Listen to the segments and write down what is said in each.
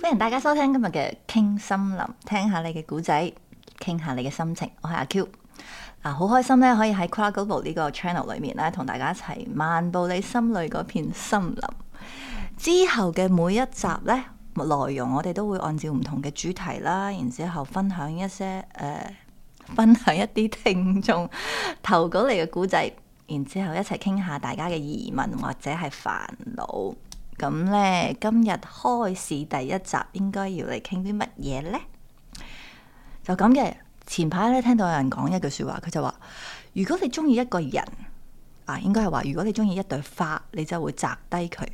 歡迎大家收聽今日嘅《傾森林》，聽下你嘅故仔，傾下你嘅心情。我係阿 Q，啊、好開心咧，可以喺 Kua Global 呢個 channel 裏面咧，同大家一齊漫步你心裏嗰片森林。之後嘅每一集咧，內容我哋都會按照唔同嘅主題啦，然之後分享一些、呃分享一啲聽眾投稿嚟嘅古仔，然之後一齊傾下大家嘅疑問或者係煩惱。咁呢，今日開始第一集應該要嚟傾啲乜嘢呢？就咁嘅。前排咧聽到有人講一句說話，佢就話：如果你中意一個人，啊，應該係話如果你中意一朵花，你就會摘低佢；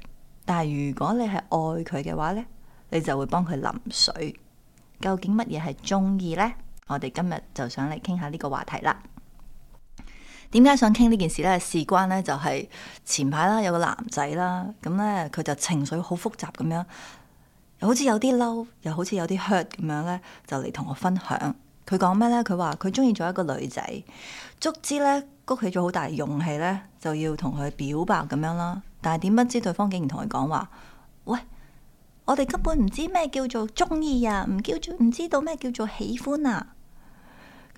但係如果你係愛佢嘅話呢，你就會幫佢淋水。究竟乜嘢係中意呢？我哋今日就想嚟傾下呢個話題啦。點解想傾呢件事呢？事關呢，就係前排啦，有個男仔啦，咁呢，佢就情緒好複雜咁樣，又好似有啲嬲，又好似有啲 hurt 咁樣呢，就嚟同我分享。佢講咩呢？佢話佢中意咗一個女仔，足之呢，谷起咗好大勇氣呢，就要同佢表白咁樣啦。但係點不知對方竟然同佢講話：「喂，我哋根本唔知咩叫做中意啊，唔叫做唔知道咩叫做喜歡啊！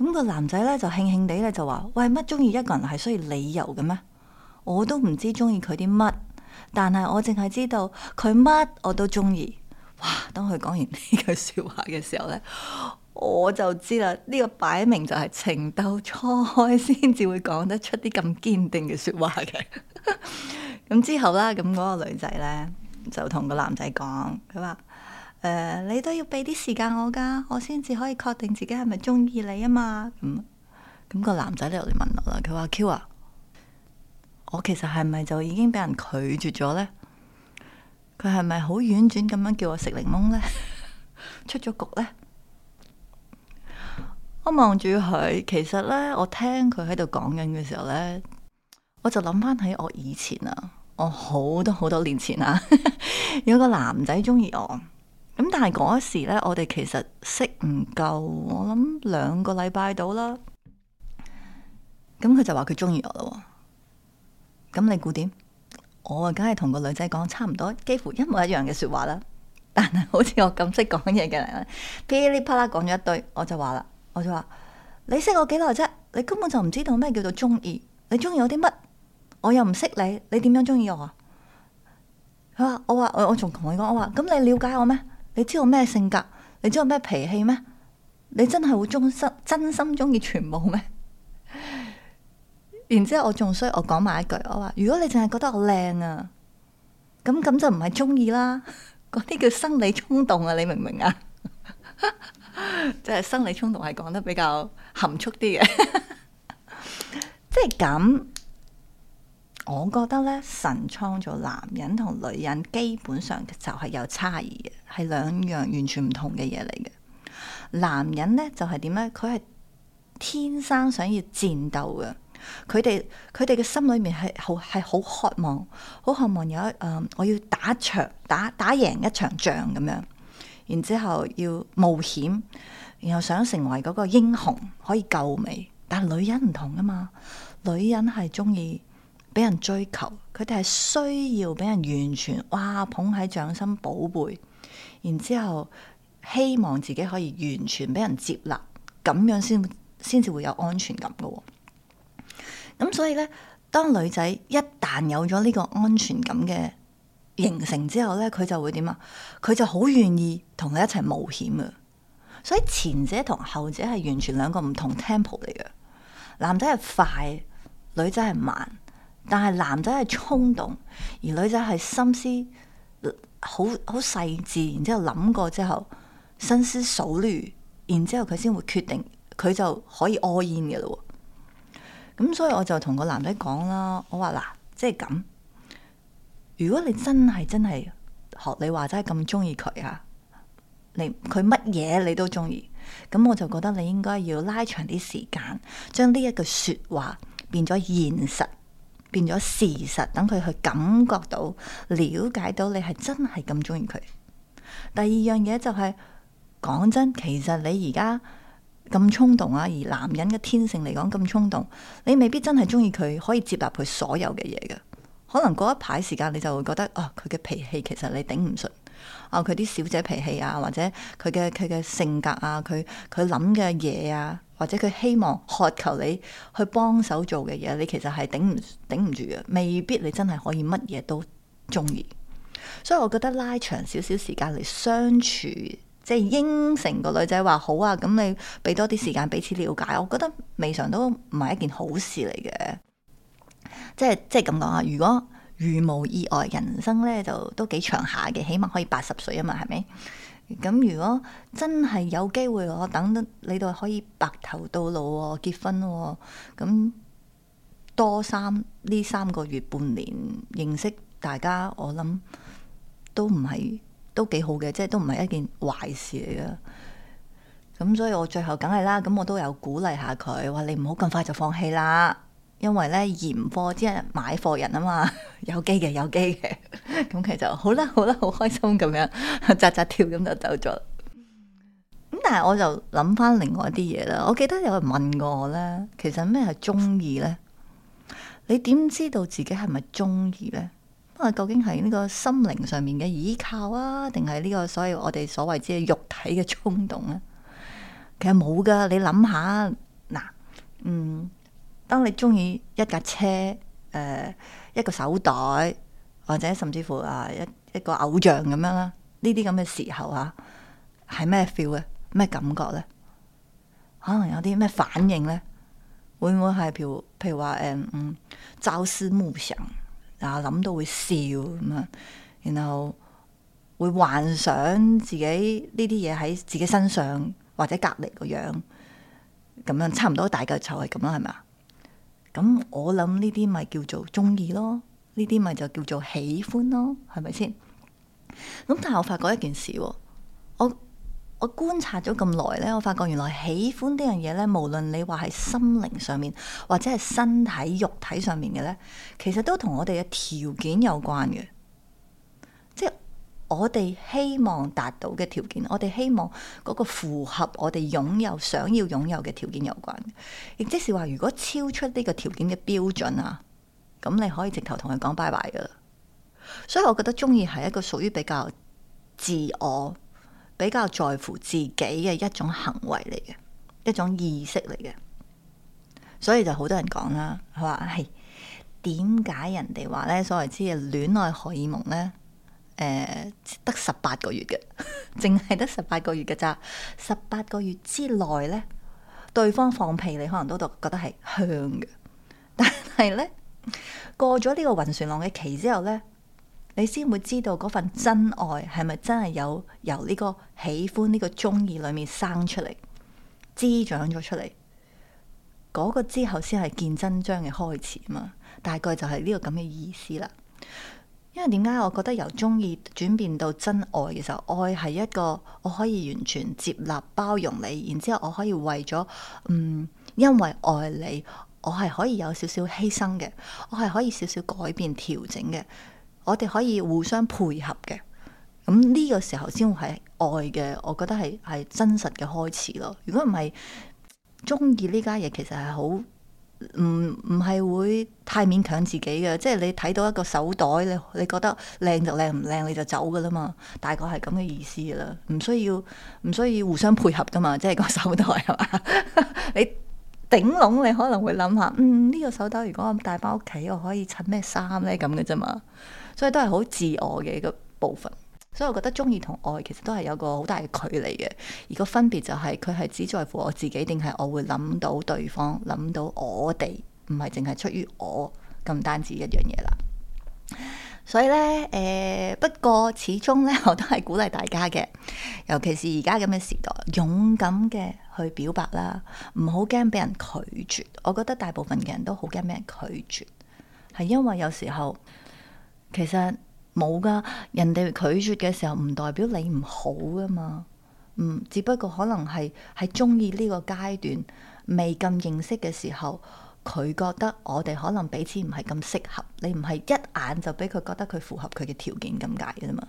咁個男仔咧就輕輕地咧就話：喂，乜中意一個人係需要理由嘅咩？我都唔知中意佢啲乜，但係我淨係知道佢乜我都中意。哇！當佢講完呢句說話嘅時候咧，我就知啦，呢、這個擺明就係情竇初開先至會講得出啲咁堅定嘅說話嘅。咁 之後啦，咁、那、嗰個女仔咧就同個男仔講，佢話。誒，uh, 你都要俾啲時間我噶我先至可以確定自己係咪中意你啊嘛。咁、嗯、咁、個男仔又嚟問我啦，佢話「Q 啊，我其實係咪就已經俾人拒絕咗呢？佢係咪好婉轉咁樣叫我食檸檬呢？ 出咗局呢？」我望住佢，其實呢，我聽佢喺度講緊嘅時候呢，我就諗翻起我以前啊，我好多好多年前啊， 有個男仔中意我。咁但係嗰時咧，我哋其實識唔夠，我諗兩個禮拜到啦。咁佢就話佢中意我咯。咁你估點？我啊，梗係同個女仔講差唔多，幾乎一模一樣嘅說話啦。但係好似我咁識講嘢嘅人，噼里啪啦講咗一堆，我就話啦，我就話你識我幾耐啫？你根本就唔知道咩叫做中意，你中意我啲乜？我又唔識你，你點樣中意我啊？佢話，我話，我，我仲同佢講，我話，咁你了解我咩？你知道我咩性格？你知道我咩脾氣咩？你真係會忠心真心中意全部咩？然之後我仲衰，我講埋一句，我話如果你淨係覺得我靚啊，咁咁就唔係中意啦。嗰啲叫生理衝動啊，你明唔明啊？即 係生理衝動係講得比較含蓄啲嘅，即係咁。我覺得咧，神創造男人同女人基本上就係有差異嘅，係兩樣完全唔同嘅嘢嚟嘅。男人咧就係點咧？佢係天生想要戰鬥嘅，佢哋佢哋嘅心裏面係好係好渴望，好渴望有一誒、呃，我要打場打打贏一場仗咁樣，然之後要冒險，然後想成為嗰個英雄，可以救美。但係女人唔同㗎嘛，女人係鍾意俾人追求，佢哋係需要俾人完全哇捧喺掌心，寶貝，然之後希望自己可以完全俾人接納，咁樣先先至會有安全感㗎喎。咁所以呢，當女仔一旦有咗呢個安全感嘅形成之後呢，佢就會點啊？佢就好願意同你一齊冒險啊！所以前者同後者係完全兩個唔同 tempo 嚟嘅。男仔係快，女仔係慢。但係男仔係衝動，而女仔係心思好好細緻，然之後諗過之後，深思熟慮，然之後佢先會決定，佢就可以 all in 嘅咯。咁所以我就同個男仔講啦，我話嗱，即係咁，如果你真係真係學你話齋咁中意佢啊，你佢乜嘢你都中意，咁我就覺得你應該要拉長啲時間，將呢一句說話變咗現實。變咗事實，等佢去感覺到、了解到你係真係咁中意佢。第二樣嘢就係、是、講真，其實你而家咁衝動啊，而男人嘅天性嚟講咁衝動，你未必真係中意佢，可以接納佢所有嘅嘢嘅。可能嗰一排時間你就會覺得哦，佢嘅脾氣其實你頂唔順啊，佢、哦、啲小姐脾氣啊，或者佢嘅佢嘅性格啊，佢佢諗嘅嘢啊。或者佢希望渴求你去幫手做嘅嘢，你其實係頂唔頂唔住嘅，未必你真係可以乜嘢都中意。所以我覺得拉長少少時間嚟相處，即係應承個女仔話好啊，咁你俾多啲時間彼此了解，我覺得未嘗都唔係一件好事嚟嘅。即係即係咁講啊！如果如無意外，人生呢就都幾長下嘅，起碼可以八十歲啊嘛，係咪？咁如果真係有機會，我等到你哋可以白頭到老喎、哦，結婚喎、哦，咁多三呢三個月半年認識大家，我諗都唔係都幾好嘅，即係都唔係一件壞事嚟嘅。咁所以我最後梗係啦，咁我都有鼓勵下佢，話你唔好咁快就放棄啦。因為咧，嫌貨即係買貨人啊嘛， 有機嘅，有機嘅，咁 其實就好啦，好啦，好開心咁樣，扎 扎跳咁就走咗。咁 但係我就諗翻另外一啲嘢啦，我記得有人問過我咧，其實咩係中意咧？你點知道自己係咪中意咧？啊，究竟係呢個心靈上面嘅依靠啊，定係呢個所以我哋所謂之肉體嘅衝動啊？其實冇噶，你諗下嗱，嗯。當你中意一架車、誒、呃、一個手袋，或者甚至乎啊，一一個偶像咁樣啦，呢啲咁嘅時候啊，係咩 feel 咧？咩感覺咧？可能有啲咩反應咧？會唔會係譬如譬如話誒嗯，朝思暮想啊，諗到會笑咁樣，然後會幻想自己呢啲嘢喺自己身上或者隔離個樣咁樣，差唔多大概就係咁啦，係咪啊？咁我諗呢啲咪叫做中意咯呢啲咪就叫做喜歡咯，係咪先？咁但係我發覺一件事，我我觀察咗咁耐咧，我發覺原來喜歡呢樣嘢咧，無論你話係心靈上面或者係身體肉體上面嘅咧，其實都同我哋嘅條件有關嘅。我哋希望達到嘅條件，我哋希望嗰個符合我哋擁有、想要擁有嘅條件有關。亦即是話，如果超出呢個條件嘅標準啊，咁你可以直頭同佢講拜拜㗎。所以，我覺得中意係一個屬於比較自我、比較在乎自己嘅一種行為嚟嘅，一種意識嚟嘅。所以就好多人講啦，係話係點解人哋話咧所謂之嘅戀愛荷爾蒙呢。誒，得十八個月嘅，淨係得十八個月嘅咋？十八個月之內咧，對方放屁你可能都覺得係香嘅，但係咧過咗呢個暈船浪嘅期之後咧，你先會知道嗰份真愛係咪真係有由呢個喜歡呢個中意裏面生出嚟滋長咗出嚟，嗰、嗰個之後先係見真章嘅開始嘛，大概就係呢個咁嘅意思啦。因為點解我覺得由中意轉變到真愛嘅時候，愛係一個我可以完全接納包容你，然之後我可以為咗嗯，因為愛你，我係可以有少少犧牲嘅，我係可以少少改變調整嘅，我哋可以互相配合嘅，咁呢個時候先會係愛嘅，我覺得係係真實嘅開始咯。如果唔係中意呢家嘢，其實係好。唔唔係會太勉強自己嘅，即係你睇到一個手袋，你你覺得靚就靚，唔靚你就走噶啦嘛，大概係咁嘅意思噶啦，唔需要唔需要互相配合噶嘛，即係個手袋係嘛？ 你頂籠你可能會諗下，嗯呢個手袋如果我帶翻屋企，我可以襯咩衫咧，咁嘅啫嘛，所以都係好自我嘅一個部分。所以我覺得中意同愛其實都係有個好大嘅距離嘅，而個分別就係佢係只在乎我自己，定係我會諗到對方，諗到我哋，唔係淨係出於我咁單止一樣嘢啦。所以咧，誒、欸，不過始終咧，我都係鼓勵大家嘅，尤其是而家咁嘅時代，勇敢嘅去表白啦，唔好驚俾人拒絕。我覺得大部分嘅人都好驚俾人拒絕，係因為有時候其實。冇㗎，人哋拒絕嘅時候唔代表你唔好㗎嘛，嗯，只不過可能係喺鍾意呢個階段未咁認識嘅時候，佢覺得我哋可能彼此唔係咁適合，你唔係一眼就畀佢覺得佢符合佢嘅條件咁解啫嘛。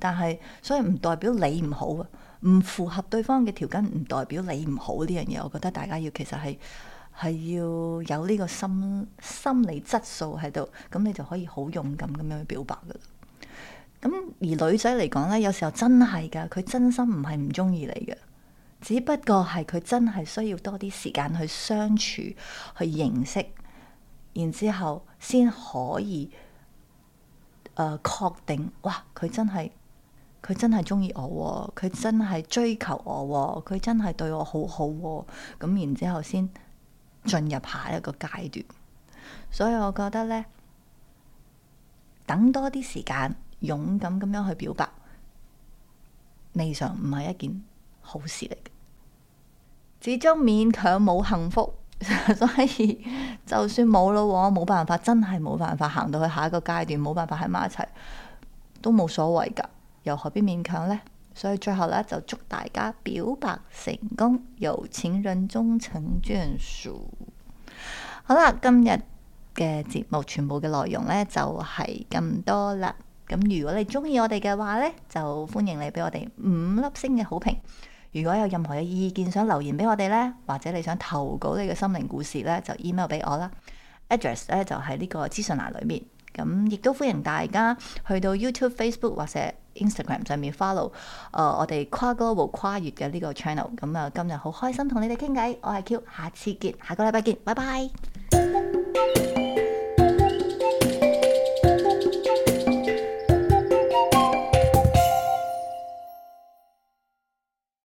但係所以唔代表你唔好啊，唔符合對方嘅條件唔代表你唔好呢樣嘢，我覺得大家要其實係。係要有呢個心心理質素喺度，咁你就可以好勇敢咁樣去表白噶啦。咁而女仔嚟講呢，有時候真係噶，佢真心唔係唔中意你嘅，只不過係佢真係需要多啲時間去相處，去認識，然之後先可以誒確、呃、定，哇！佢真係佢真係中意我、啊，佢真係追求我、啊，佢真係對我好好、啊，咁然之後先。進入下一個階段，所以我覺得呢，等多啲時間，勇敢咁樣去表白，未嘗唔係一件好事嚟嘅。始終勉強冇幸福， 所以就算冇咯，冇辦法，真係冇辦法行到去下一個階段，冇辦法喺埋一齊，都冇所謂噶，又何必勉強呢？所以最後咧，就祝大家表白成功，有情人終成眷屬。好啦，今日嘅節目全部嘅內容咧就係、是、咁多啦。咁如果你中意我哋嘅話咧，就歡迎你俾我哋五粒星嘅好評。如果有任何嘅意見想留言俾我哋咧，或者你想投稿你嘅心靈故事咧，就 email 俾我啦。Address 咧就喺、是、呢個資訊欄裏面。咁亦都歡迎大家去到 YouTube、Facebook 或者。Instagram 上面 follow 誒、呃、我哋跨 Global 和跨越嘅呢個 channel，咁啊今日好開心同你哋傾偈，我係 Q，下次見，下個禮拜見，拜拜。